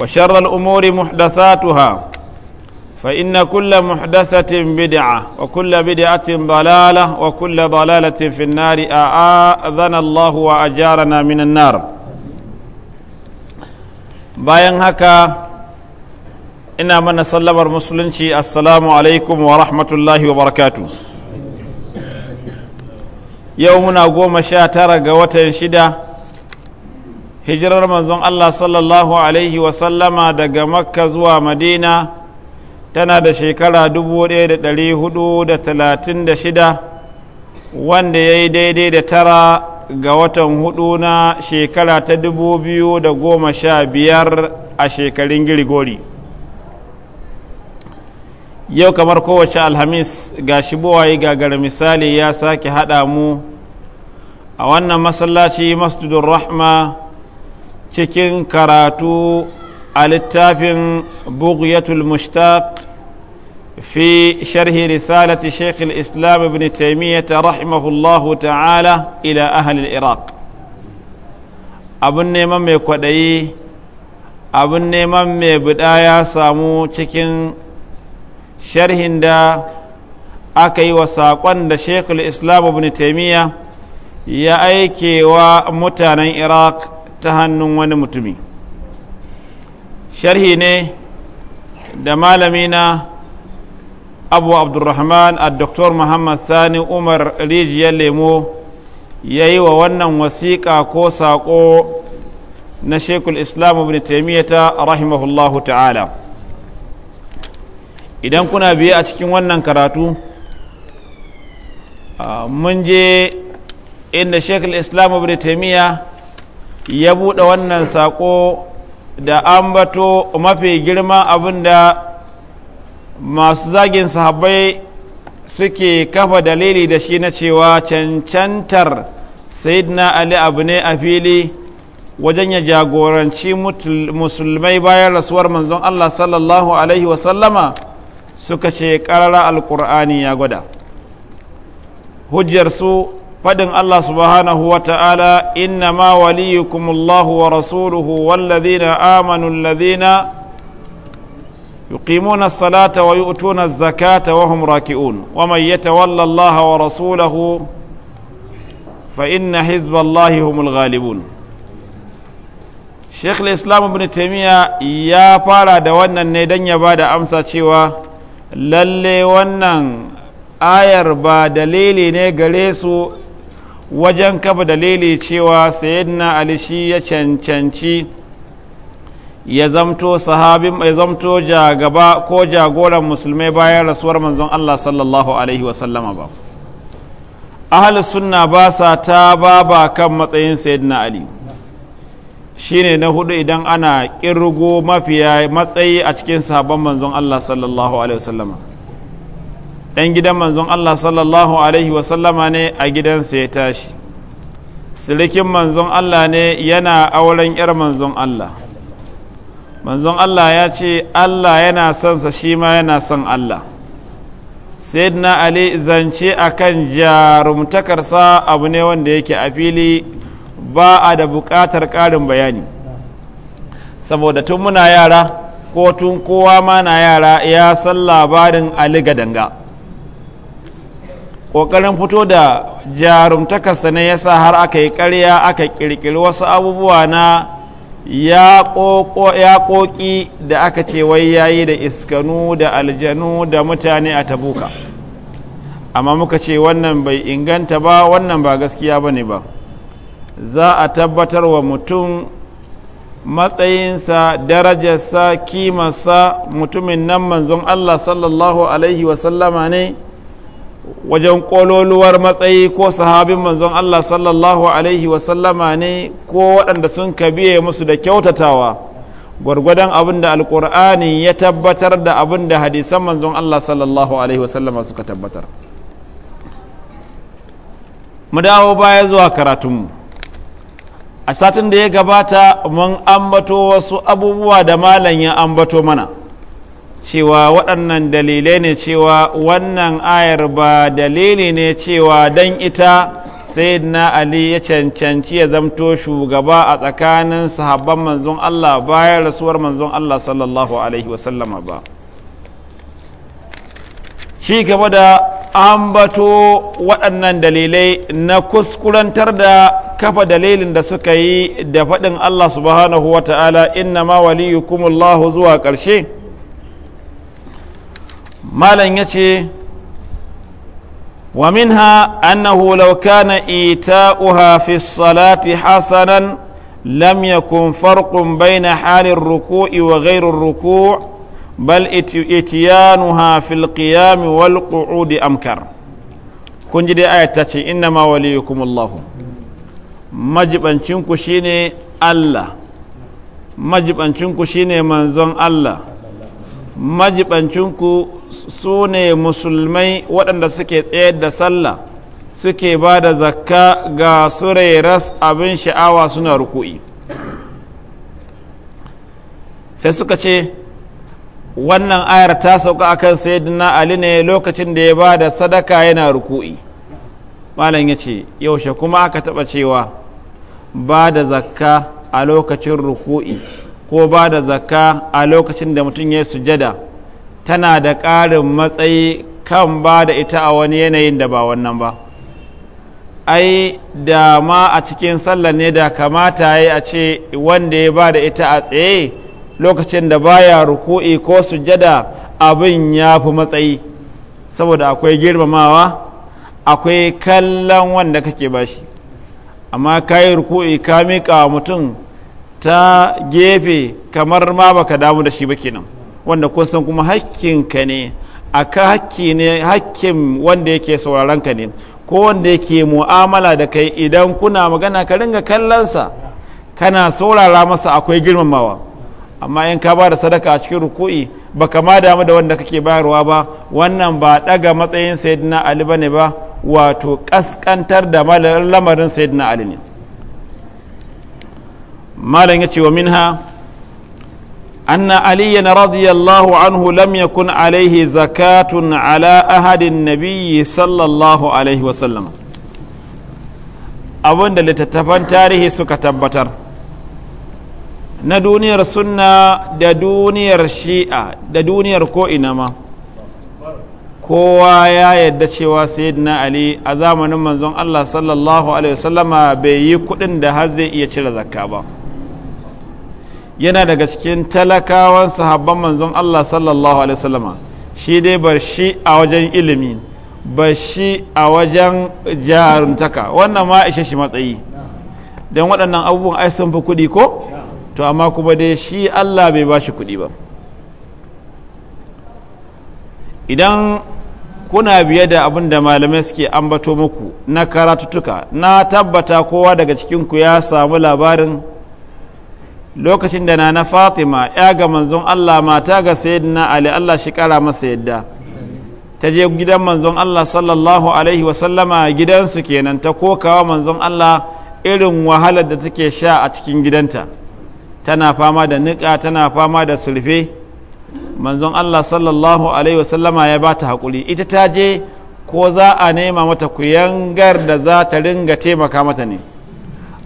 وشر الأمور محدثاتها فإن كل محدثة بدعة وكل بدعة ضلالة وكل ضلالة في النار أعاذنا الله وأجارنا من النار bayan haka ina mana sallamar musulunci assalamu alaikum wa rahmatullahi wa yau muna goma sha tara ga watan shida hijirar manzon Allah sallallahu Alaihi wasallama daga makka zuwa madina tana da shekara 1436 wanda ya yi daidai da tara ga watan hudu na shekara ta 2015 a shekarun girgori yau kamar kowace alhamis ga shi buwaye gagara misali ya sake haɗa mu a wannan masallaci masjidun rahma cikin karatu a littafin bughyatul mushtaq في risalati رسالة islam الإسلام taimiyya ta rahimahullahu ta'ala ila إلى iraq abin neman mai kwaɗayi abin neman mai buɗa ya samu cikin sharhin da aka yi wa saƙon da shekul islam ibn taimiyya ya aike wa mutanen iraq ta hannun wani mutumi sharhi ne da malamina abu abdurrahman a doktor muhammad sani umar rijiyar lemo ya yi wa wannan wasiƙa ko saƙo na shekul islam ibn taimiyyata rahimahullahu ta'ala idan kuna biye a cikin wannan karatu ah, mun je inda shekul islam ibn taimiyya ya buɗe wannan saƙo da an bato mafi girma abinda masu zagin sahabbai suke kafa dalili da shi na cewa cancantar sayyidina ali abu ne a fili wajen ya jagoranci musulmai bayan rasuwar manzon Allah sallallahu Alaihi wasallama suka ce ƙarara alƙur'ani ya gwada hujjarsu فدن الله سبحانه وتعالى إنما وليكم الله ورسوله والذين آمنوا الذين يقيمون الصلاة ويؤتون الزكاة وهم راكئون ومن يتولى الله ورسوله فإن حزب الله هم الغالبون Sheikh Islam ibn Taymiyyah ya fara da wannan ne don ya ba da amsa cewa lalle wannan ayar ba dalili ne gare su wajen kafa dalili cewa sayyidina ali shi ya cancanci ya zamto sahabin ya zamto jagaba ko jagoran musulmai bayan rasuwar manzon Allah sallallahu alaihi sallama ba ahal sunna ba sa ta ba ba kan matsayin sayyidina ali shine na hudu idan ana kirgo mafiya matsayi a cikin sahabban manzon Allah sallallahu alaihi sallama ɗan gidan manzon Allah sallallahu alaihi wasallama ne a gidansa ya tashi sirikin manzon Allah ne yana auren 'yar manzon Allah manzon Allah ya ce Allah yana son sa shi ma yana son Allah sayyidina Ali zance a kan jarumtakarsa abu ne wanda yake a fili ba a da buƙatar ƙarin bayani saboda tun muna yara ko tun kowa ma na yara ya san labarin Ali ga danga. ƙoƙarin fito da jarumtakarsa ne ya sa har aka yi ƙarya aka ƙirƙiri wasu abubuwa na yaƙoƙi da aka ce wai yayi da iskanu da aljanu da mutane a tabuka amma muka ce wannan bai inganta ba wannan ba gaskiya ba ne ba za a tabbatar wa mutum matsayinsa darajarsa kimarsa mutumin nan manzon allah sallallahu alaihi wasallama ne wajen ƙololuwar matsayi ko sahabin manzon Allah sallallahu Alaihi wasallama ne ko waɗanda sun biye musu da kyautatawa gwargwadon abin da alƙur'ani ya tabbatar da abin da hadisan manzon Allah sallallahu Alaihi wasallama suka tabbatar mu dawo baya zuwa karatunmu a satin da ya gabata mun ambato wasu abubuwa da malam ya ambato mana cewa waɗannan dalilai ne cewa wannan ayar ba dalili ne cewa don ita sai na ali ya cancanci ya zamto shugaba a tsakanin sahabban manzon Allah bayan rasuwar manzon Allah sallallahu alaihi wasallama ba shi gaba da an bato waɗannan dalilai na kuskurantar da kafa dalilin da suka yi da faɗin Allah subhanahu wa ta'ala inna ma waliyukumullahu zuwa ƙarshe malam ya ce wa minha annahu law kana ita'uha fi salati hasanan lam yakun farqun bayna halin ruku'i wa ghairu ruku' bal itiyanuha fil qiyam wal qu'udi amkar kun ji dai ayat ta ce inna ma waliyukumullahu ku shine Allah ku shine manzon Allah ku. su ne musulmai waɗanda suke tsayar da sallah suke ba da zakka ga ras abin sha'awa suna ruku'i sai suka ce wannan ayar ta sauka akan sayyidina ali ne lokacin da ya ba da sadaka yana ruku'i malam ya ce yaushe kuma aka taɓa cewa ba da zakka a lokacin ruku'i ko ba da zakka a lokacin da mutum ya sujada tana da ƙarin matsayi kan ba da ita a wani yanayin da ba wannan ba ai da ma a cikin sallar ne da kamata ya a ce wanda ya ba da ita a tsaye lokacin da baya ruku'i ko sujada abin ya fi matsayi saboda akwai girmamawa akwai kallon wanda kake bashi amma ka yi ruku'i ka miƙa mutum ta gefe kamar ma baka damu da shi ba kenan. nan wanda kun san kuma hakkinka ne aka hakki ne hakkin wanda yake sauraron ka ne ko wanda yake mu'amala da kai idan kuna magana ka ringa kallonsa kana saurara masa akwai girmamawa amma in ka ba da sadaka a cikin ruku'i ba ka ma damu da wanda kake bayarwa ba wannan ba daga matsayin sayyidina ali bane ba wato kaskantar da lamarin sayyidina ali ne malam ya ce wa minha أن علي رضي الله عنه لم يكن عليه زكاة على أحد النبي صلى الله عليه وسلم أبن لتتفن تاريه سكتبتر na duniyar sunna da duniyar shi'a da duniyar ko'ina ma kowa ya yadda cewa sayyidina ali a zamanin manzon allah sallallahu alaihi wasallama bai yi kuɗin da har zai iya cire zakka ba yana daga cikin talakawan sahabban manzon Allah sallallahu alaihi wasallama shi dai bar shi a wajen ilimi bar shi a wajen jaruntaka wannan ma ishe shi matsayi don waɗannan abubuwan ai sun fi kuɗi ko to amma kuma dai shi Allah bai ba shi kuɗi ba idan kuna biye da abin da malamai suke ambato muku na karatuttuka na tabbata kowa daga cikinku ya samu labarin lokacin da na fatima ya ga manzon Allah mata ga sayyidina ali Allah shi kara masa yadda ta je gidan manzon Allah sallallahu alaihi sallama gidansu kenan ta kokawa manzon Allah irin wahalar da take sha a cikin gidanta tana fama da niƙa tana fama da sulfe manzon Allah sallallahu alaihi sallama ya bata haƙuri ita ta je ko za a nema mata kuyangar da za ta ringa taimaka mata ne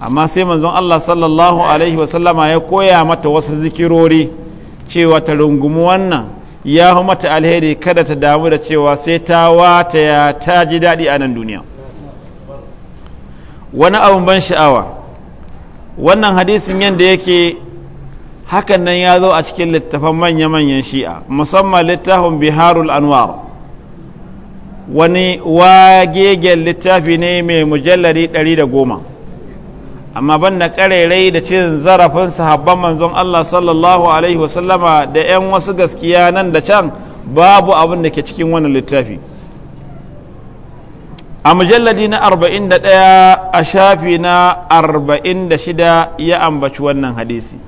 amma sai manzon Allah sallallahu alaihi wasallama ya koya mata wasu zikirori cewa ta rungumi wannan ya hu mata alheri kada ta damu da cewa sai ta wata ya ta ji daɗi a nan duniya wani abun ban sha'awa wannan hadisin yadda yake hakan nan ya zo a cikin littafan manya-manyan shi'a musamman littafin biharul anwar wani wagegen littafi ne mai mujallari 110 amma ban da ƙarerai da cin zarafin sahabban manzon Allah sallallahu alaihi wasallama da 'yan wasu gaskiya nan da can babu abin da ke cikin wannan littafi a mujalladi na 41 a shafi na arba'in da shida ya ambaci wannan hadisi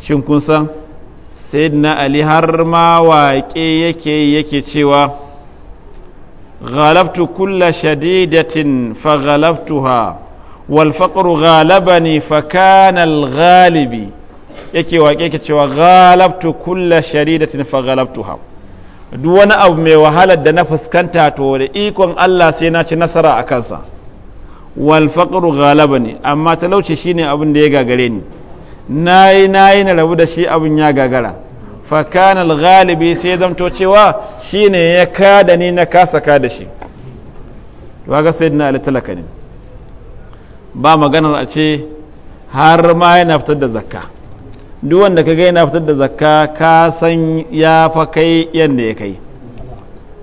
shin kun san sayyidina ali har ma waƙe yake yake cewa غلبت كل شديدة فغلبتها والفقر غالبني فكان fa yake waƙe yake cewa galabtu kulla sharidatin fa galabtuha duk wani abu mai wahalar da na fuskanta to da ikon Allah sai na ci nasara a kansa wal faqru ghalabani amma talauci shine abin da ya gagare ni nayi nayi na rabu da shi abin ya gagara fa kana al ghalibi sai zamto cewa shine ya kada ni na kasa ka da shi waga sayyidina ali talakani ba maganar a ce har ma yana fitar da zakka duk wanda ka ga yana fitar da zakka ka san ya fa kai yadda ya kai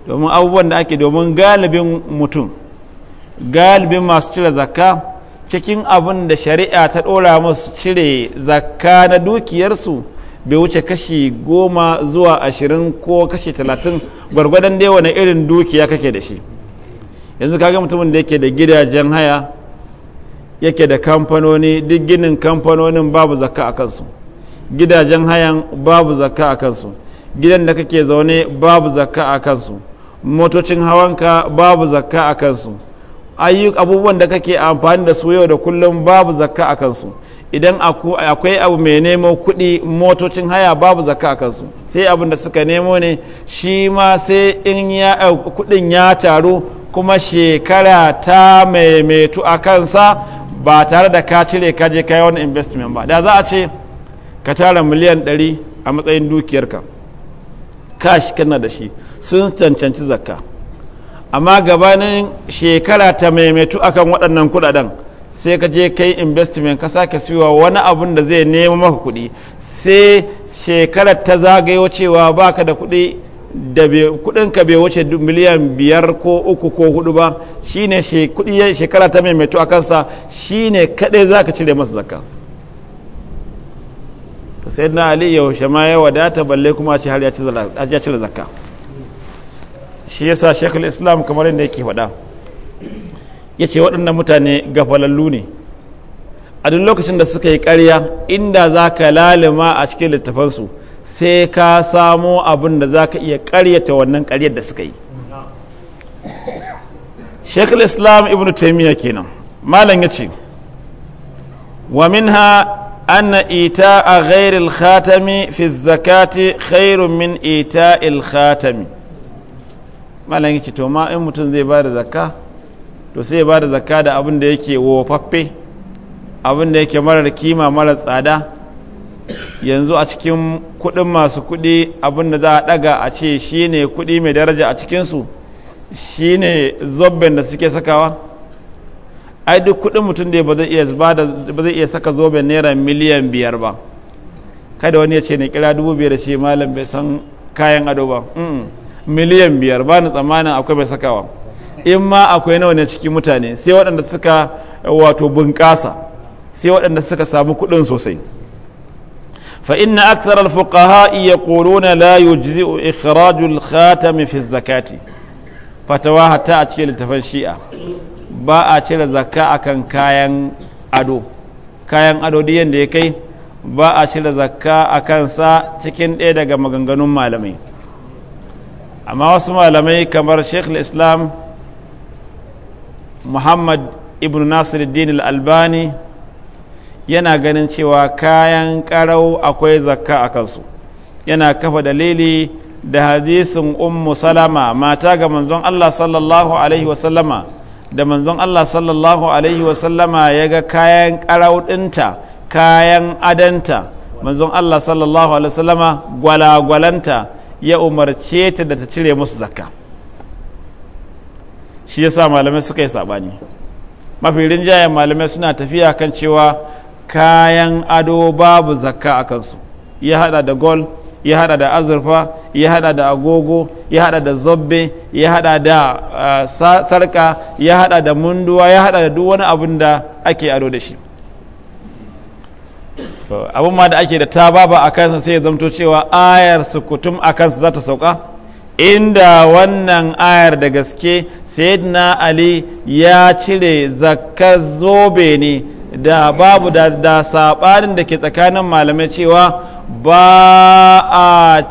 domin abubuwan da ake domin galibin mutum galibin masu cire zakka cikin abin da shari'a ta ɗora musu cire zakka na dukiyarsu bai wuce kashi goma zuwa ashirin ko kashi talatin gwargwadon dai wani irin dukiya kake da shi yanzu kaga mutumin da yake da gidajen haya yake da kamfanoni duk ginin kamfanonin babu zakka a kansu gidajen hayan babu zakka a kansu gidan da kake zaune babu zakka a kansu motocin hawanka babu zakka a kansu abubuwan da kake amfani da su yau da kullum babu zakka a kansu idan akwai abu mai nemo kuɗi motocin haya babu zakka a kansu sai abin da suka nemo ne shi ma sai in eh, kuɗin ya taru kuma shekara ta maimaitu a kansa ba tare da ka cire ka je kai wani investment ba da za a ce ka tara miliyan 100 a matsayin dukiyarka kashi kana da shi sun cancanci zakka amma gabanin shekara ta maimaitu akan waɗannan kuɗaɗen sai ka je kai investment ka sake siyowa wani abun da zai nemo maka kuɗi sai shekarar ta zagayo cewa baka da kuɗi da kudinka bai wuce miliyan biyar ko uku ko hudu ba shine kudi shekara ta maimaito a kansa ne kadai za ka cire masa zakka sai na ali yaushe ma ya wadata balle kuma ce har ya cire zakka shi ya sa shekul islam kamar yadda yake faɗa ya ce waɗannan mutane gafalallu ne a duk lokacin da suka yi karya inda za ka lalima a cikin littafansu sai ka samo abin da za ka iya karyata wannan karyar da suka yi shekul islam ibn taimiyya kenan malam ya ce wa minha a إيتاء غير الخاتم في الزكاة خير من إيتاء ya ce to ma in mutum zai ba da زكاة to sai ba da zakka da abin da yake wofaffe abin da yake marar kima marar tsada yanzu a cikin kuɗin masu kuɗi abin da za a ɗaga a ce shi ne kuɗi mai daraja a cikinsu shi ne zobben da suke sakawa ai duk kuɗin mutum da ba zai iya saka zoben naira miliyan biyar ba kada wani ya ce ne kira dubu biyar da ce malam bai san kayan ado ba miliyan biyar ba ni tsammanin akwai bai sakawa in ma akwai nawa ne cikin mutane sai waɗanda suka wato bunƙasa sai waɗanda suka samu kuɗin sosai فإن أكثر الفقهاء يقولون لا يجزئ إخراج الخاتم في الزكاة zakati. تأتي لتفنشيئة ba a cire zakka akan kayan ado kayan ado diyan ya kai ba'a cire zakka a sa cikin ɗaya daga maganganun malamai amma wasu malamai kamar sheikh islam muhammad ibn nasiruddin al-albani yana ganin cewa kayan karau akwai zakka a kansu yana kafa dalili da hadisin ummu salama mata ga manzon Allah sallallahu alaihi wasallama da manzon Allah sallallahu alaihi wasallama ya ga kayan karau dinta kayan adanta manzon Allah sallallahu alaihi wasallama gwalagwalanta ya umarce ta da ta cire musu zakka shi yasa malamai suka yi sabani mafi rinjayen malamai suna tafiya kan cewa kayan ado babu zakka a kansu ya hada da gol, ya hada da azurfa ya hada da agogo ya hada da zobbe ya hada da uh, sarka ya hada da munduwa ya hada da duk wani abin da ake ado da shi abin ma da ake da ta baba a kansa sai ya zamto cewa ayar sukutum a kansa za ta sauka inda wannan ayar da gaske sayyidina ali ya cire zakka zobe ne da babu da, da saɓanin da ke tsakanin malamai cewa ba a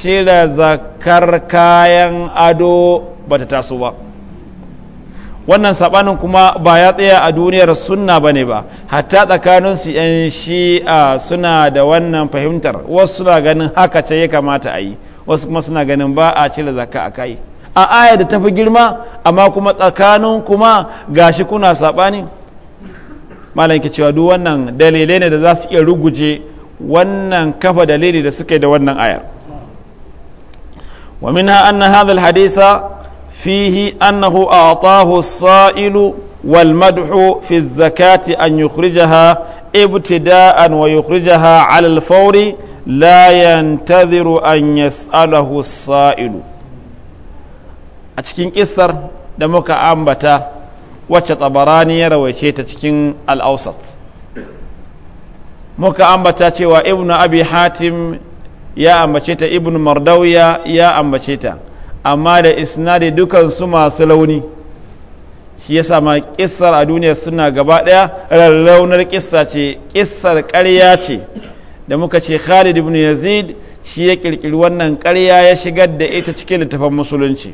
cire zakar kayan ado ba ta taso ba wannan saɓanin kuma ba ya tsaya a duniyar sunna ba ne ba hatta tsakanin su 'yan shi'a suna da wannan fahimtar wasu suna ganin haka ce ya kamata a yi wasu kuma suna ganin ba a cire zakka a kai a aya da tafi girma amma kuma tsakanin kuma gashi kuna saɓani malam ke cewa duk wannan dalilai ne da za su iya ruguje wannan kafa dalili da suka yi da wannan ayar wa minha anna hadha alhadisa fihi annahu a'tahu as-sa'ilu wal madhu fi az-zakati an yukhrijaha ibtida'an wa yukhrijaha 'ala al-fawri la yantadhiru an yas'alahu as-sa'ilu a cikin kissar da muka ambata wacce tabarani ya rawaice ta cikin al'ausat muka ambata cewa ibn abi hatim ya ambace ta ibn Mardauya ya ambace ta amma da isnadi dukan su masu launi shi ya sama kissar a duniya suna gaba ɗaya rarraunar kissa ce kissar ƙarya ce da muka ce Khalid ibn Yazid shi ya ƙirƙiri wannan ƙarya ya shigar da ita cikin littafin musulunci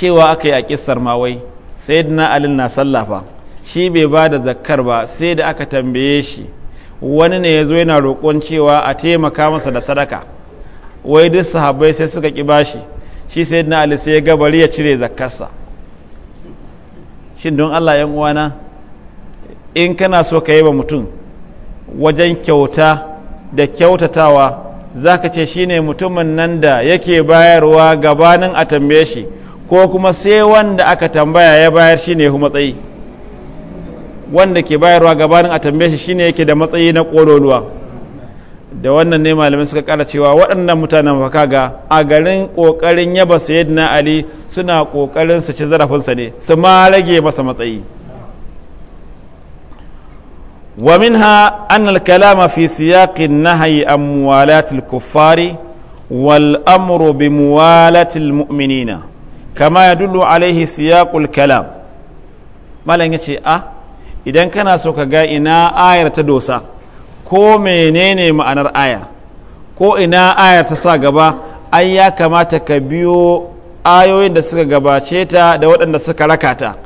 cewa aka yi a kissar ma wai sayyidina alin na sallafa shi bai ba da zakkar ba sai da aka tambaye shi wani ne ya zo yana roƙon cewa a taimaka masa da sadaka wai duk sahabbai sai suka ƙi bashi shi sai sayyidina ali sai ya gabari ya cire zakkarsa shin don Allah yan uwana in kana so ka yi wa mutum wajen kyauta da kyautatawa za ka ce shine mutumin nan da yake bayarwa gabanin a tambaye shi ko kuma sai wanda aka tambaya ya bayar shi ya matsayi wanda ke bayarwa gabanin a tambaye shi shine yake da matsayi na kololuwa da wannan ne malamai suka kara cewa waɗannan mutanen faka ga a garin ƙoƙarin yaba sayyidina ali suna ƙoƙarin su ci zarafinsa ne su ma rage masa matsayi wa minha an al-kalama fi siyaqin nahyi an muwalatil kuffari wal amru bi muwalatil mu'minina kama ya dullu alaihi siyaqul kalam malam ce a ah, idan kana so ka ga ina ayar ta dosa ko menene ma'anar aya ko ina ayar ta sa gaba ai ya kamata ka biyo ayoyin da suka gabace ta da waɗanda suka rakata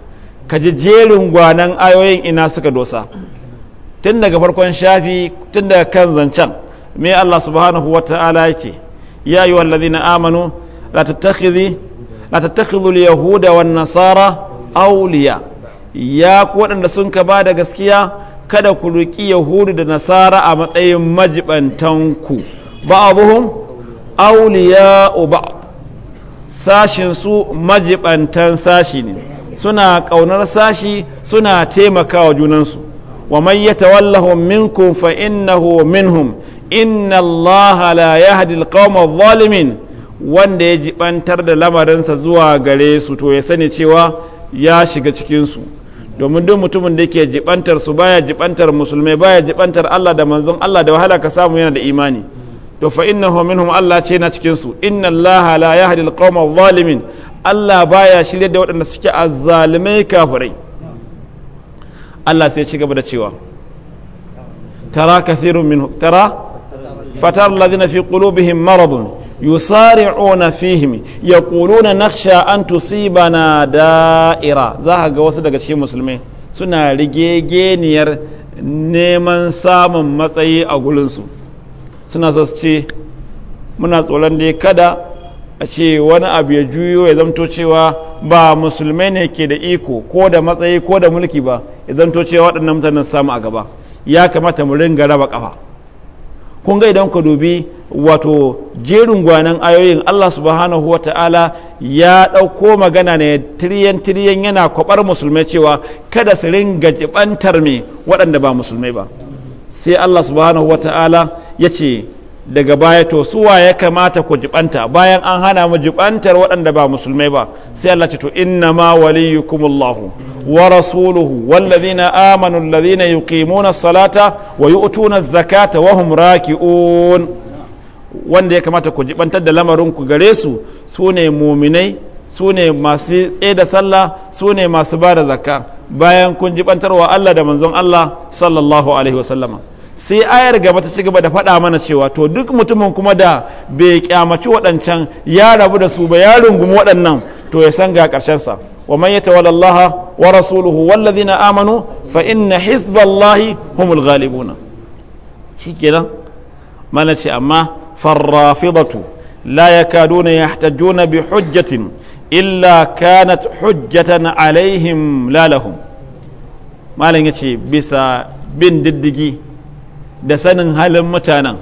ka ji jerin gwanan ayoyin ina suka dosa tun daga farkon shafi tun daga kan zancen me Allah subhanahu wa ta'ala yake ya yi na amanu la tattakhidhi la tattakhidhul yahuda wan nasara awliya ya ku waɗanda sun ka ba da gaskiya kada ku riƙi yahudu da nasara a matsayin majibantanku ba'abuhum awliya uba sashin su majibantan sashi ne suna ƙaunar sashi suna taimakawa junansu wa man yatawallahu minkum fa innahu minhum inna allaha la yahdi alqawma adh-dhalimin wanda ya jibantar da lamarinsa zuwa gare su to ya sani cewa ya shiga cikinsu domin duk mutumin da ke jibantar su baya jibantar musulmai baya jibantar Allah da manzon Allah da wahala ka samu yana da imani to fa innahu minhum Allah ce na cikin su inna Allah la yahdi alqawma zalimin Allah baya shirye da waɗanda suke azzalimai kafirai Allah sai ya ci gaba da cewa tara kathirun minhum tara fatar alladhina fi qulubihim maradun yusari'una fihim yaquluna nakhsha an tusibana da'ira za ga wasu daga cikin musulmai suna rigegeniyar neman samun matsayi a gulinsu suna so su ce muna tsoron dai kada a ce wani abu ya juyo ya zamto cewa ba musulmai ne ke da iko ko da matsayi ko da mulki ba ya zamto cewa waɗannan mutanen samu a gaba ya kamata mu ringa raba kafa kun ga idan ka dubi wato jerin gwanan ayoyin Allah subhanahu wa ta'ala ya ɗauko magana ne tiriyan tiriyan yana kwabar musulmai cewa kada su ringa jibantar me waɗanda ba musulmai ba sai Allah subhanahu wa ta'ala ya ce daga baya to suwa ya kamata ku jibanta bayan an hana mu jibantar waɗanda ba musulmai ba sai Allah ce to inna ma Allah wa rasuluhu ladina amanu ladina yuqimuna salata wa yu'tuna zakata wa hum raki'un wanda ya kamata ku jibantar da lamarin ku gare su sune muminai sune masu tsaida sallah sune masu bada zakka bayan kun jibantarwa Allah da manzon Allah sallallahu alaihi wasallama sai ayar gaba ta ci gaba da faɗa mana cewa to duk mutumin kuma da bai kyamaci waɗancan ya rabu da su ba ya rungumi waɗannan to ya san ga ƙarshensa wa man yatawalla Allah wa rasuluhu wallazina amanu fa inna hizballahi humul ghalibuna shikenan mana ce amma farrafidatu la yakaduna yahtajuna bi hujjatin illa kanat hujjatan alaihim la malam yace bisa bin diddigi da sanin halin mutanen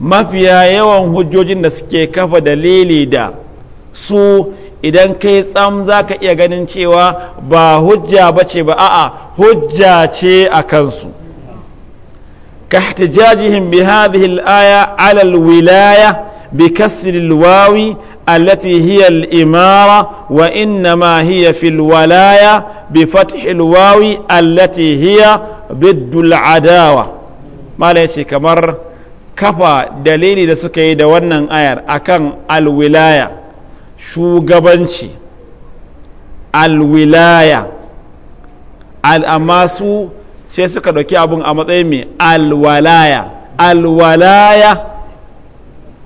mafiya yawan hujjojin da suke kafa dalili da su idan kai tsam za ka iya ganin cewa ba hujja ba ce ba a'a hujja ce a kansu ka ihtijajihim bi hadhihi al-aya ala al-wilaya bi kasri al-wawi imara, wa ina وإنما bi filwalaya bi بفتح الواو التي هي ضد adawa mala ya ce kamar kafa dalili da suka yi da wannan ayar akan alwilaya shugabanci alwilaya al'amma su sai suka ɗauki abin a matsayin mai alwalaya alwalaya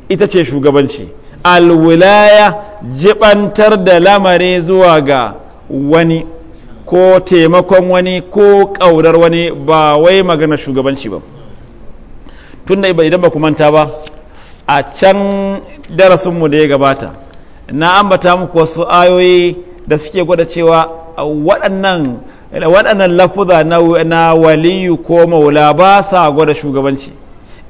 ita ce shugabanci alwilaya jibantar da lamari zuwa ga wani ko taimakon wani ko ƙaurar wani ba wai magana shugabanci ba tun da idan ba ku manta ba a can darasinmu da ya gabata na ambata muku wasu ayoyi da suke gwada cewa waɗannan lafuza na waliyu ko maula ba sa gwada shugabanci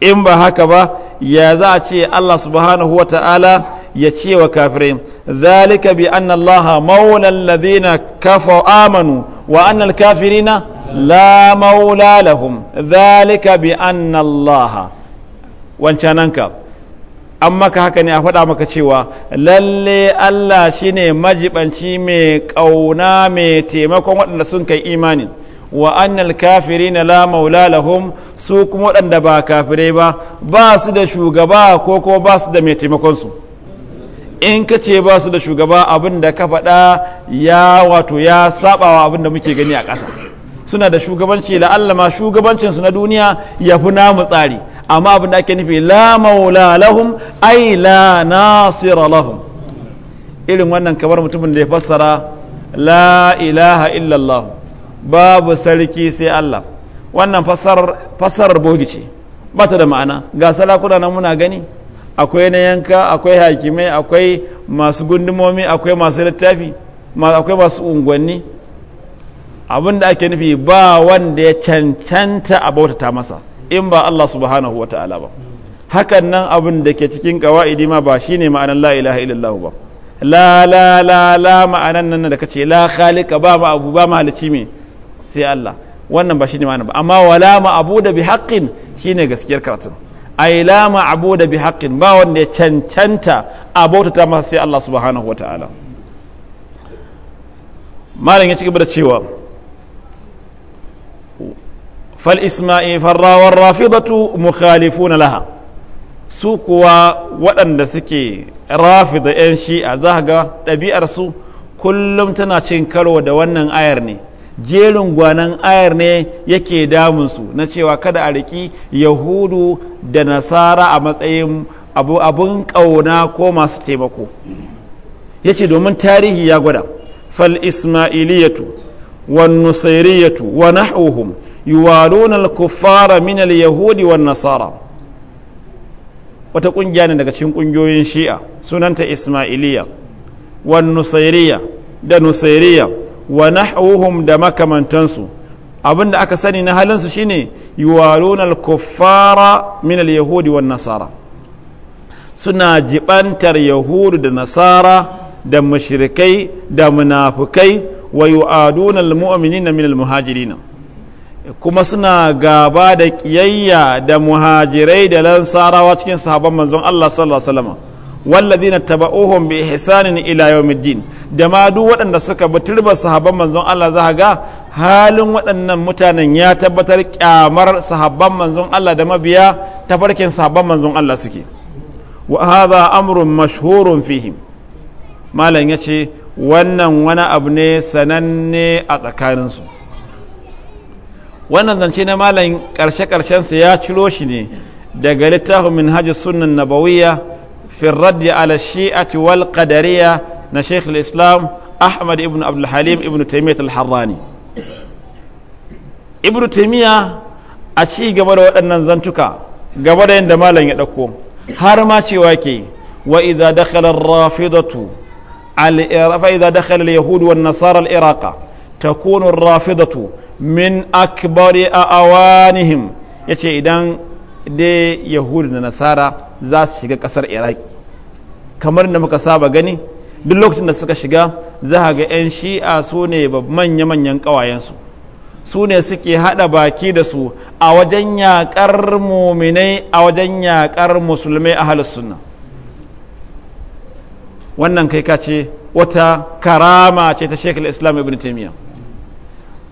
in ba haka ba ya za a ce Allah subhanahu wa ta'ala ya ce wa kafirai zalika bi annallaha maulan maula kafa amanu wa annal kafirina la maulalahum, لهم zalika bi الله wancananka an maka haka ne a faɗa maka cewa lalle Allah shine majibanci mai ƙauna mai taimakon waɗanda sun kai imani wa annal na la maula lahum su kuma waɗanda ba kafirai ba ba su da shugaba ko ko ba su da mai taimakon su in ka ce ba su da shugaba abin da ka faɗa ya wato ya saɓawa abin da muke gani a ƙasa suna da shugabanci la'alla ma shugabancin su na duniya ya fi namu tsari amma abin da ake nufi la maula lahum ai la nasira lahum irin wannan kamar mutumin da ya fassara la ilaha illallah babu sarki sai Allah wannan fassarar bogi ce ba ta da ma'ana ga salakuna nan muna gani akwai na yanka akwai hakimai akwai masu gundumomi akwai masu littafi akwai masu unguwanni abin da ake nufi ba wanda ya cancanta a bautata masa in ba Allah subhanahu wa ta'ala ba hakan nan abin da ke cikin kawa'idi ma ba shine ma'anan la ilaha illallah ba la la la la ma'anan nan da kace la khaliqa ba ma abu ba mahalici me sai Allah wannan ba shine ma'ana ba amma wala da bi haqqin shine gaskiyar karatun ai la da bi haqqin ba wanda ya cancanta a bautata masa sai Allah subhanahu wa ta'ala malam ya ci gaba da cewa فالإسماء فرا والرافضة مخالفون لها سوكوا waɗanda suke rafida 'yan shi'a za ga ɗabi'arsu kullum tana cin karo da wannan ayar ne jerin gwanan ayar ne yake damunsu na cewa kada a riki yahudu da nasara a matsayin abu abun ƙauna ko masu taimako ya ce domin tarihi ya gwada fal ismailiyatu wa nusairiyatu wa nah'uhum yuwaruna al-kuffara min al-yahudi wan nasara wata kungiya ne daga cikin kungiyoyin shi'a sunanta ismailiya wan nusairiya da nusairiya wa nahwuhum da makamantansu abinda aka sani na halin su shine yuwaruna al-kuffara min al-yahudi wan nasara suna jibantar yahudu da nasara da mushrikai da munafukai wa yu'aduna al-mu'minina min al kuma suna gaba da ƙiyayya da muhajirai da lansarawa cikin sahaban manzon Allah sallallahu alaihi wasallam wallazina taba'uhum bi ihsanin ila yawmiddin da ma duk waɗanda suka bi turba sahaban manzon Allah za ga halin waɗannan mutanen ya tabbatar kyamar sahabban manzon Allah da mabiya tafarkin sahabban manzon Allah suke wa hadha amrun mashhurun fihim malam yace wannan wani abu ne sananne a tsakaninsu wannan zance na malamin karshe sa ya ciro shi ne daga littafin minhajus sunnan nabawiyya fi ala shi'ati wal qadariya na sheikh islam ahmad ibn abdulhalim ibn taymiyyah al-harrani ibn taymiyyah a ci gaba da waɗannan zantuka gaba da yadda malam ya ɗauko har ma cewa ke wa idza dakhala ar-rafidatu al-iraq fa idza dakhala al-yahud wan nasara al-iraq takunu ar-rafidatu min akbari a awanihim ya ce idan dai yahudu da nasara za su shiga kasar iraki kamar da muka saba gani duk lokacin da suka shiga za ga 'yan shi'a su ne manya-manyan kawayensu su ne suke hada baki da su a wajen yakar muminai a wajen yakar musulmai a halis sunna wannan kai ka wata karama ce ta shekul islam ibn taimiyya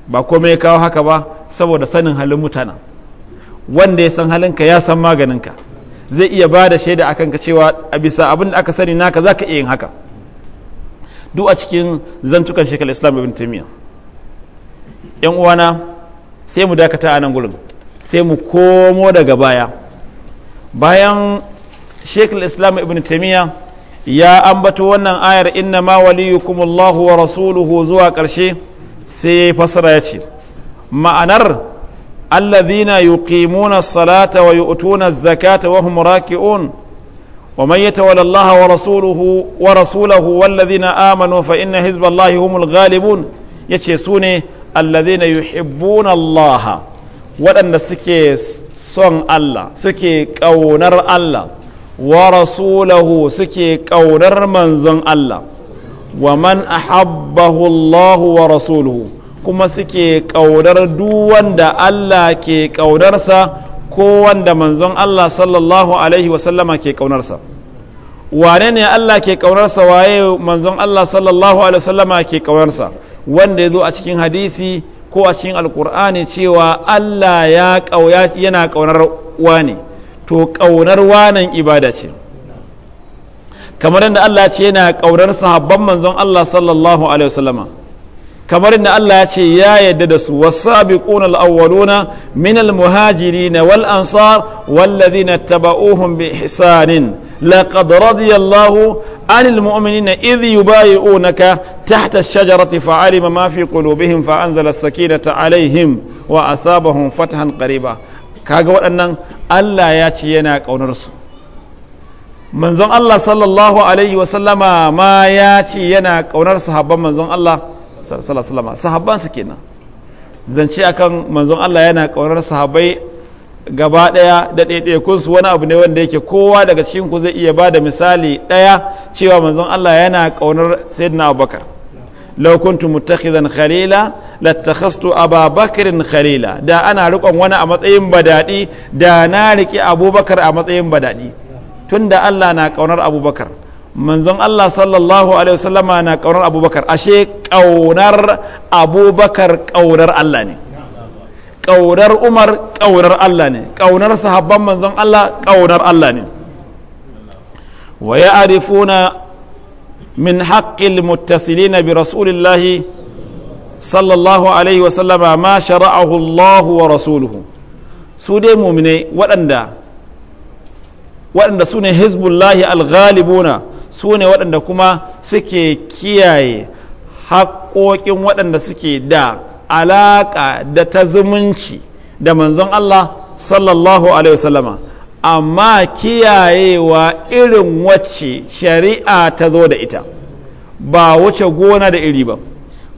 ba komai ya kawo haka ba saboda sanin halin mutana wanda ya san halinka ya san maganinka zai iya ba da shaida akan ka cewa a bisa abin da aka sani naka za ka iya yin haka duk a cikin zantukan shekar islam ibn timiya yan uwana sai mu dakata a nan gurin sai mu komo daga baya bayan shekar islam ibn timiya ya ambato wannan ayar inna ma waliyukumullahu wa rasuluhu zuwa ƙarshe sai ya yi fasara ya ce ma'anar allazina yuqimuna salata wa yu'tuna zakata wa hum raki'un wa man yatawalla Allah wa rasuluhu wa rasulahu wallazina amanu fa inna hizballahi humul ghalibun yace sune allazina yuhibbuna Allah waɗanda suke son Allah suke ƙaunar Allah wa rasuluhu suke ƙaunar manzon Allah wa man ahabbahu Allah wa rasuluhu kuma suke kaudar duk wanda Allah ke ƙaunarsa ko wanda manzon Allah sallallahu alaihi wa sallama ke ƙaunarsa wane ne Allah ke ƙaunarsa waye manzon Allah sallallahu alaihi wa sallama ke ƙaunarsa wanda ya zo a cikin hadisi ko a cikin alkur'ani cewa Allah ya yana ƙaunar wane to ƙaunar wanan ibada ce kamar yadda Allah ce yana kaurar sahabban manzon Allah sallallahu alaihi wasallama kamar yadda Allah ce ya yadda da su wasabiqun al-awwaluna min al-muhajirin wal ansar wallazina tabauhum bi ihsanin laqad radiyallahu عن المؤمنين إذ يبايعونك تحت الشجرة فعلم ما في قلوبهم فأنزل السكينة عليهم وأثابهم فتحا قريبا kaga waɗannan Allah ya ce yana ƙaunarsu manzon Allah sallallahu alaihi wasallama ma ya ce yana kaunar sahabban manzon Allah sallallahu alaihi wasallama sahabbansa kenan zance akan manzon Allah yana kaunar sahabbai gaba daya da ɗaiɗaikun su wani abu ne wanda yake kowa daga cikin ku zai iya ba da misali ɗaya cewa manzon Allah yana kaunar sayyidina Abubakar law kuntu muttakhidan khalila lattakhastu Aba Bakrin khalila da ana rikon wani a matsayin badadi da na riƙe Abubakar a matsayin badadi tunda Allah na ƙaunar abubakar manzon Allah sallallahu alaihi wasallama na ƙaunar abubakar ashe ƙaunar abubakar ƙaunar Allah ne Ƙaunar Umar ƙaunar Allah ne kaunar sahabban manzon Allah ƙaunar Allah ne wa ya'rifuna min haqqil muttasilina bi rasulillahi sallallahu alaihi wasallama ma shara'ahu Allah wa rasuluhu su dai muminai waɗanda waɗanda su ne hezbollah alghalibuna su ne waɗanda kuma suke kiyaye haƙoƙin waɗanda suke da alaƙa da ta zumunci da manzon Allah sallallahu alaihi wasallama amma kiyayewa irin wacce shari'a ta zo da ita ba wuce gona da iri ba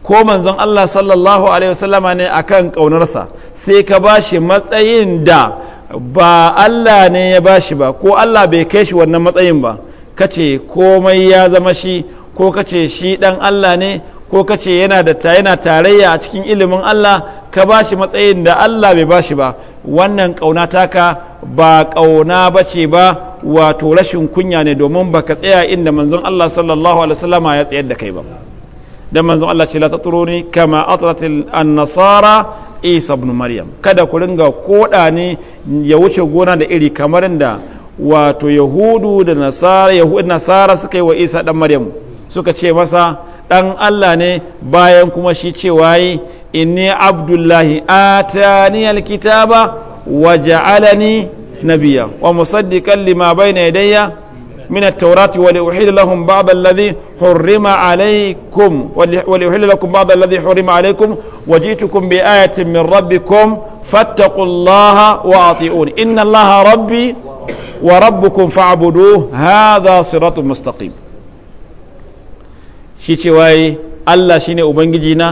ko manzon Allah sallallahu alaihi wasallama ne akan ƙaunarsa sai ka ba shi matsayin da ba Allah ne ya ba shi ba ko Allah bai kai shi wannan matsayin ba kace komai ya zama shi ko kace shi dan Allah ne ko kace yana da ta yana tarayya a cikin ilimin Allah ka ba shi matsayin da Allah bai ba shi ba wannan kauna taka ba kauna ce ba wato rashin kunya ne domin baka tsaya inda manzon Allah sallallahu alaihi wasallama ya tsayar da kai ba dan manzon Allah ce la tatruni kama atratil an isa ibn maryam kada ku ringa koda ne ya wuce gona da iri kamar da wato yahudu da nasara yahudu nasara suka yi wa isa dan maryam suka ce masa dan allah ne bayan kuma shi cewa yi inni abdullahi atani alkitaba wa ja'alani nabiyya wa musaddiqan lima bayna yadayya من التوراة ولأحل لهم بعض الذي حرم عليكم ولأحل لكم بعض الذي حرم عليكم وجئتكم بآية من ربكم فاتقوا الله وأطيعون إن الله ربي وربكم فاعبدوه هذا صراط مستقيم شيء واي الله شيني أبنجينا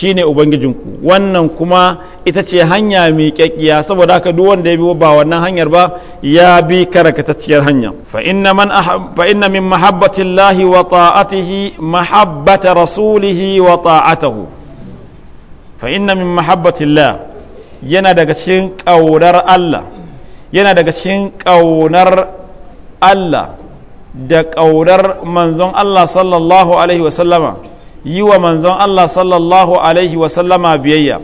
shine ubangijinku wannan kuma ita ce hanya mai kyakkiya saboda haka duk wanda ya bi ba wannan hanyar ba ya bi karakatacciyar hanya fa inna man fa inna min mahabbati llahi wa ta'atihi mahabbata rasulihi wa ta'atahu fa inna min mahabbati llah yana daga cikin kaunar Allah yana daga cikin kaunar Allah da kaunar manzon Allah sallallahu alaihi wa sallama yi wa manzon Allah sallallahu alaihi wasallama biyayya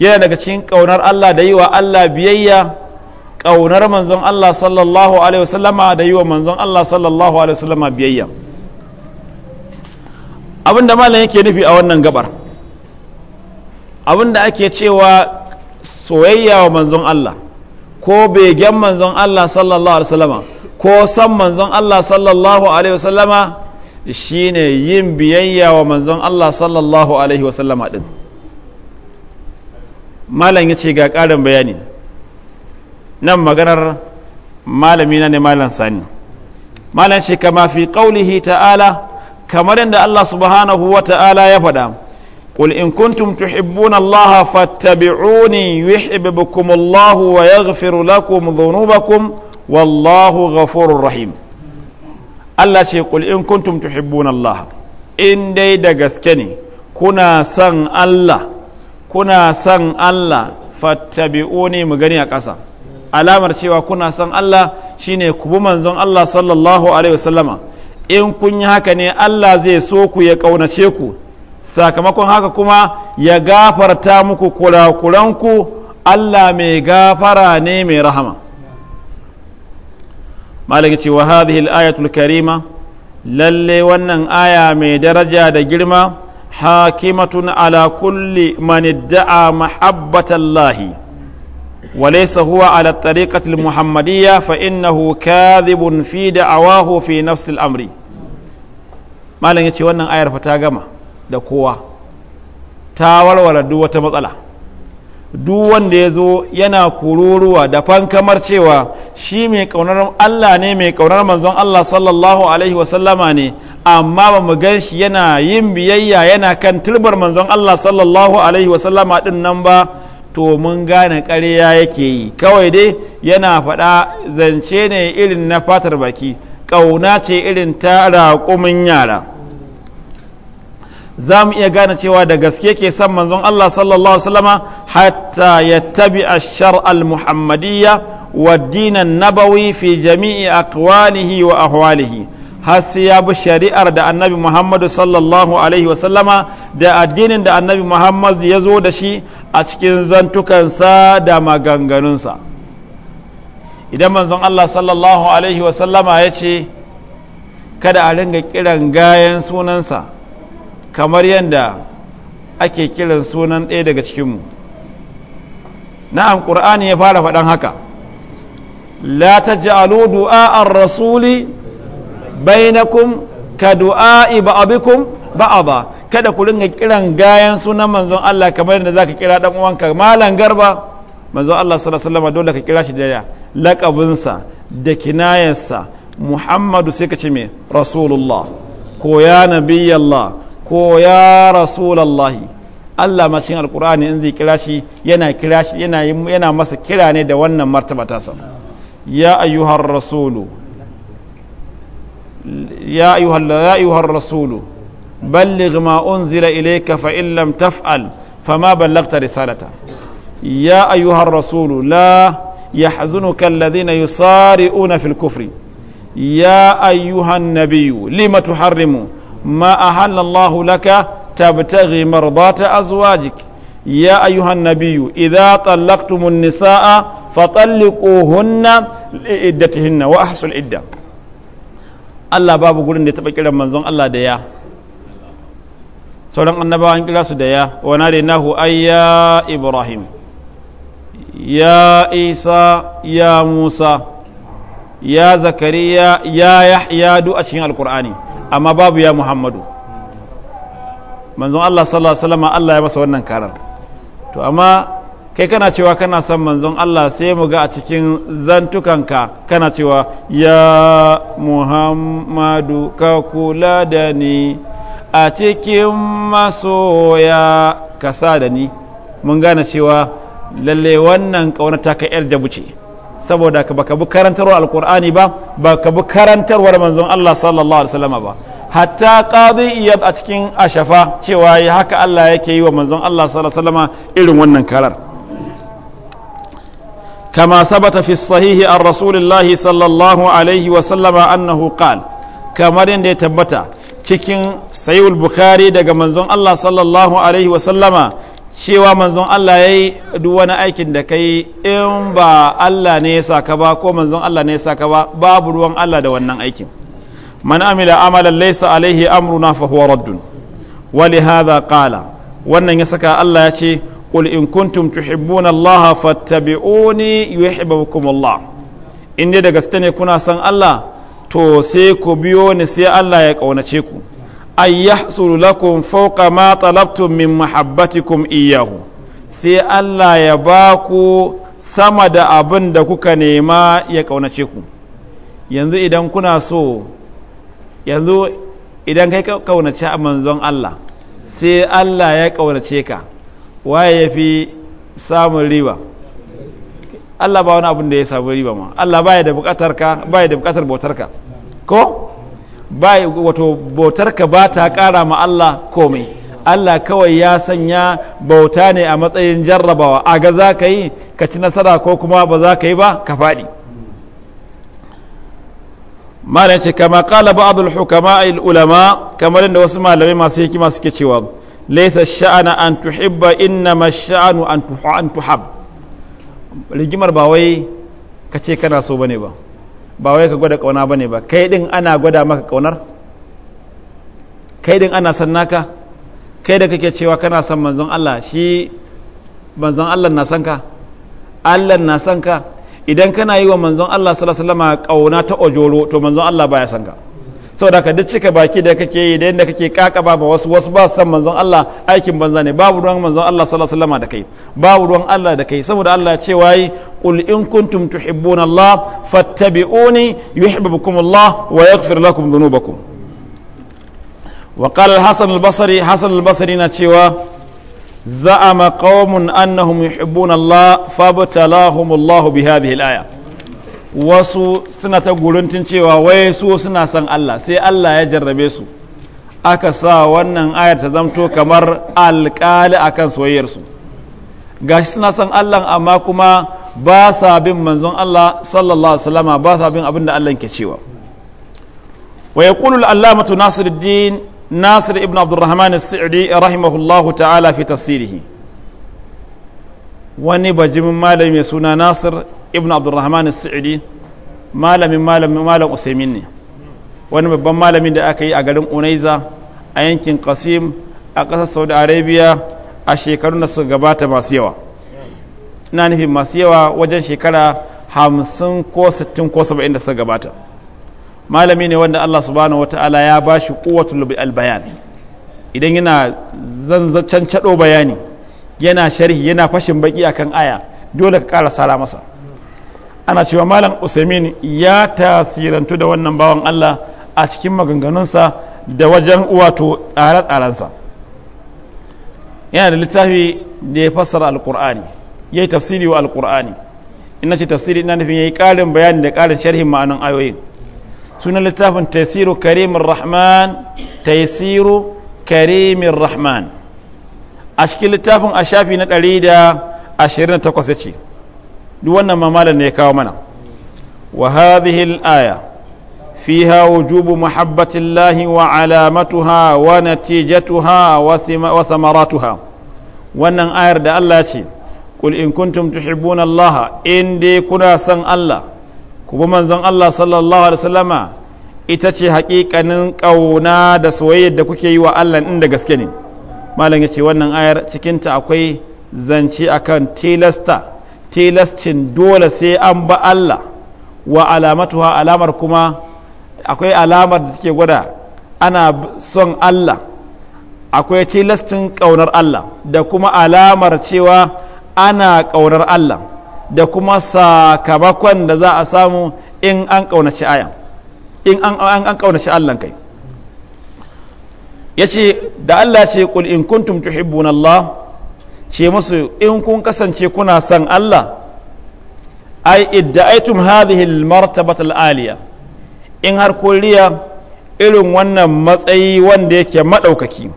yana daga cikin ƙaunar Allah da yi wa Allah biyayya ƙaunar manzon Allah sallallahu alaihi wasallama da yi wa manzon Allah sallallahu alaihi wasallama biyayya abin da malam yake nufi a wannan gabar abin da ake cewa soyayya wa manzon Allah ko begen manzon Allah sallallahu alaihi wasallama ko san manzon Allah sallallahu alaihi wasallama shine yin biyayya wa manzon Allah sallallahu alaihi wasallama din malam yace ga ƙarin bayani nan maganar malami na ne malam sani malam ce kama fi qaulihi ta'ala kamar yadda Allah subhanahu wa ta'ala ya faɗa قل إن كنتم تحبون الله فاتبعوني يحببكم الله ويغفر لكم ذنوبكم والله غفور رحيم Allah ce qul in kuntum tuhibbuna Allah in dai da gaske ne kuna san Allah kuna son Allah fattabi'uni mu gani a ƙasa alamar cewa kuna san Allah shine ku bi manzon Allah sallallahu alaihi wasallama in kun yi haka ne Allah zai so ku ya ƙaunace ku sakamakon haka kuma ya gafarta muku kurakuranku Allah mai gafara ne mai rahama malaka ce wa hadhihi al-ayatul karima lalle wannan aya mai daraja da girma hakimatun ala kulli man da'a mahabbatallahi wa laysa huwa ala tariqati al-muhammadiyya fa innahu kadhibun fi da'awahu fi nafsi al-amri malaka ce wannan ayar fa ta gama da kowa ta warware duk wata matsala duk wanda ya zo yana kururuwa da fankamar cewa shi mai ƙaunar Allah ne mai ƙaunar manzon Allah sallallahu alaihi wasallama ne amma ba mu gan shi yana yin biyayya yana kan turbar manzon Allah sallallahu alaihi wasallama din nan ba to mun gane ƙarya yake yi kawai dai yana faɗa zance ne irin na fatar baki ƙauna ce irin ta raƙumin yara za mu iya gane cewa da gaske ke san manzon Allah sallallahu Alaihi hatta ya tabi a shar'al muhammadiyya wa dinan nabawi fi jami'i aqwalihi wa ahwalihi har sai ya bi shari'ar da annabi Muhammadu sallallahu Alaihi wasallama da addinin da annabi Muhammadu ya zo da shi a cikin zantukansa da maganganunsa idan manzon Allah sallallahu Alaihi wasallama ya ce kada a ringa kiran gayan sunansa kamar yadda ake kiran sunan ɗaya daga cikinmu na'am ƙur'ani ya fara faɗan haka la taj'alu du'a ar-rasuli bainakum ka du'a'i a ba. kada ku ringa kiran gayan sunan manzon Allah kamar yadda zaka kira dan uwanka malam garba manzon Allah sallallahu alaihi wasallam dole ka kira shi da laqabinsa da kinayarsa Muhammadu sai ka ce me Rasulullah ko ya Allah. ko ya rasulallahi Allah macin alkur'ani in zai kira shi yana kira shi yana masa kira ne da wannan martaba ta ya ayyuhar rasulu ya ayyuhar ayyuhar rasulu balligh ma unzila ilayka fa in lam taf'al fama ballaghta risalata ya ayyuhar rasulu la yahzunuka alladhina yusari'una fil kufri ya ayyuhan nabiyyu lima tuharrimu ما أحل الله لك تبتغي مرضات أزواجك يا أيها النبي إذا طلقتم النساء فطلقوهن لعدتهن وأحصل عدة Allah babu gurin da taɓa kiran manzon Allah da ya sauran annabawan kira su da ya wana da nahu ayya Ibrahim ya Isa ya Musa ya Zakariya ya Yahya duk a cikin Alkur'ani amma babu ya muhammadu manzon Allah sallallahu alaihi wasallam Allah ya masa wannan karar to amma kai kana cewa kana son manzon Allah sai mu ga a cikin zantukanka kana cewa ya muhammadu ka kula da ni a cikin masoya ka sa da ni mun gane cewa lalle wannan ƙaunar ta ka 'yar jabu ce saboda ka baka bi karantarwar alkur'ani ba ba ka bi karantarwar manzon Allah sallallahu alaihi wasallam ba hatta qadi iyad a cikin ashafa cewa yi haka Allah yake yi wa manzon Allah sallallahu alaihi wasallam irin wannan karar kama sabata fi sahihi an rasulillahi sallallahu alaihi wasallam annahu qal kamar yadda ya tabbata cikin sayul bukhari daga manzon Allah sallallahu alaihi wasallama cewa manzon Allah ya yi wani aikin da ka yi in ba Allah ne ya saka ba ko manzon Allah ne ya saka ba babu ruwan Allah da wannan aikin man amila amalan laysa alaihi amruna fa huwa raddun wa li hadha qala wannan ya saka Allah ya ce qul in kuntum tuhibbuna Allah fattabi'uni yuhibbukum Allah in dai da gaske ne kuna san Allah to sai ku biyo ni sai Allah ya kaunace ku an yahsul lakum fawqa ma talabtum min mahabbatikum iyyahu sai Allah ya ba ku sama da abin da kuka nema ya kaunace ku yanzu idan kuna so yanzu idan kai kaunace a manzon Allah sai Allah ya kaunace ka waye ya fi samun riba Allah ba wani abin da ya samu riba ma Allah baya da bukatar ka baya da bukatar bautar ka ko ba wato bautar ka ba ta ƙara ma Allah komai Allah kawai ya sanya bauta ne a matsayin jarrabawa a ga za ka yi ka ci nasara ko kuma ba za ka yi ba ka faɗi malam ce kama kala ba al-hukama ulama kamar da wasu malamai masu hikima suke cewa laisa sha'ana an tuhibba ma sha'anu an tuhab rigimar ba wai kace kana so bane ba ba wai ka gwada kauna bane ba kai din ana gwada maka kaunar kai din ana san naka kai da kake cewa kana san manzon Allah shi manzon Allah na san ka Allah na san ka idan kana yi wa manzon Allah sallallahu alaihi wasallam kauna ta ojoro to manzon Allah baya san ka saboda ka duk cika baki da kake yi da yadda kake kakaba ba wasu wasu ba san manzon Allah aikin banza ne babu ruwan manzon Allah sallallahu alaihi wasallam da kai babu ruwan Allah da kai saboda Allah ya ce wai قل إن كنتم تحبون الله فاتبعوني يحببكم الله ويغفر لكم ذنوبكم وقال الحسن البصري حسن البصري نتشوى زعم قوم أنهم يحبون الله فابتلاهم الله بهذه الآية wasu suna ta gurintun cewa wai su suna son Allah sai Allah ya jarrabe su aka sa wannan ayar ta zamto kamar alƙali akan soyayyarsu gashi suna son Allah amma kuma ba sa bin manzon Allah sallallahu alaihi ba sa bin abinda Allah ke cewa wa ya al-allamatu Nasiruddin Nasir ibn Abdulrahman al sadi rahimahullahu ta'ala fi tafsirihi wani bajimin malami mai suna Nasir ibn Abdulrahman al sadi malamin malamin malam Usaimin ne wani babban malamin da aka yi a garin Unaiza a yankin Qasim a ƙasar Saudi Arabia a shekarun da suka gabata masu yawa ina nufin masu yawa wajen shekara hamsin ko sittin ko saba'in da suka gabata malami ne wanda Allah subhanahu wa ta'ala ya ba shi kuwatul albayan idan yana zanzancan caɗo bayani yana sharhi yana fashin baki akan aya dole ka ƙara sala masa ana cewa malam usaimin ya tasirantu da wannan bawan Allah a cikin maganganunsa da wajen wato tsare-tsarensa yana da littafi da ya fassara alkur'ani yayi tafsiri wa alqur'ani ina ce tafsiri ina nufin ya yi karin bayani da karin sharhin ma'anan ayoyin sunan littafin tasiru karimin rahman tasiru karimin rahman a cikin littafin a shafi na 128 ya ce duk wannan mamalar ne ya kawo mana wa hadhihi al-aya fiha wujubu muhabbati Allah wa alamatuha wa natijatuha wa samaratuha wannan ayar da Allah ce kul in kuntum tuhibbuna in dai kuna son Allah kuma manzon Allah sallallahu alaihi wasallama ita ce hakikanin kauna da soyayyar da kuke yi wa Allah din da gaske ne malam yace wannan ayar cikin ta akwai zance akan tilasta tilastin dole sai an ba Allah wa alamatuha alamar kuma akwai alamar da take gwada ana son Allah akwai tilastin kaunar Allah da kuma alamar cewa ana ƙaunar Allah da kuma sakamakon da za a samu in an ƙaunaci ayan in an ƙaunaci Allah kai ya ce da Allah ce kul in kuntum tuhibbuna Allah ce musu in kun kasance kuna son Allah ai idda'aitum hadhihi al-martabata al-aliya in har kun riya irin wannan matsayi wanda yake madaukaki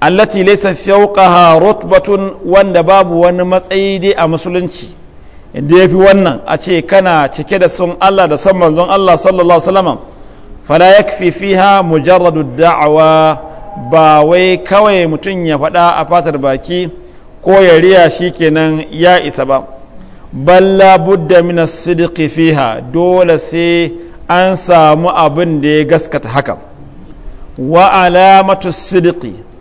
allati laysa fawqaha rutbatun wanda babu wani matsayi dai a musulunci inda yafi wannan a ce kana cike da sun Allah da son manzon Allah sallallahu alaihi wasallam fala yakfi fiha mujarradu da'wa ba wai kawai mutum ya faɗa a fatar baki ko ya riya shikenan ya isa ba balla budda min as-sidqi fiha dole sai an samu abin da ya gaskata haka wa alamatu sidqi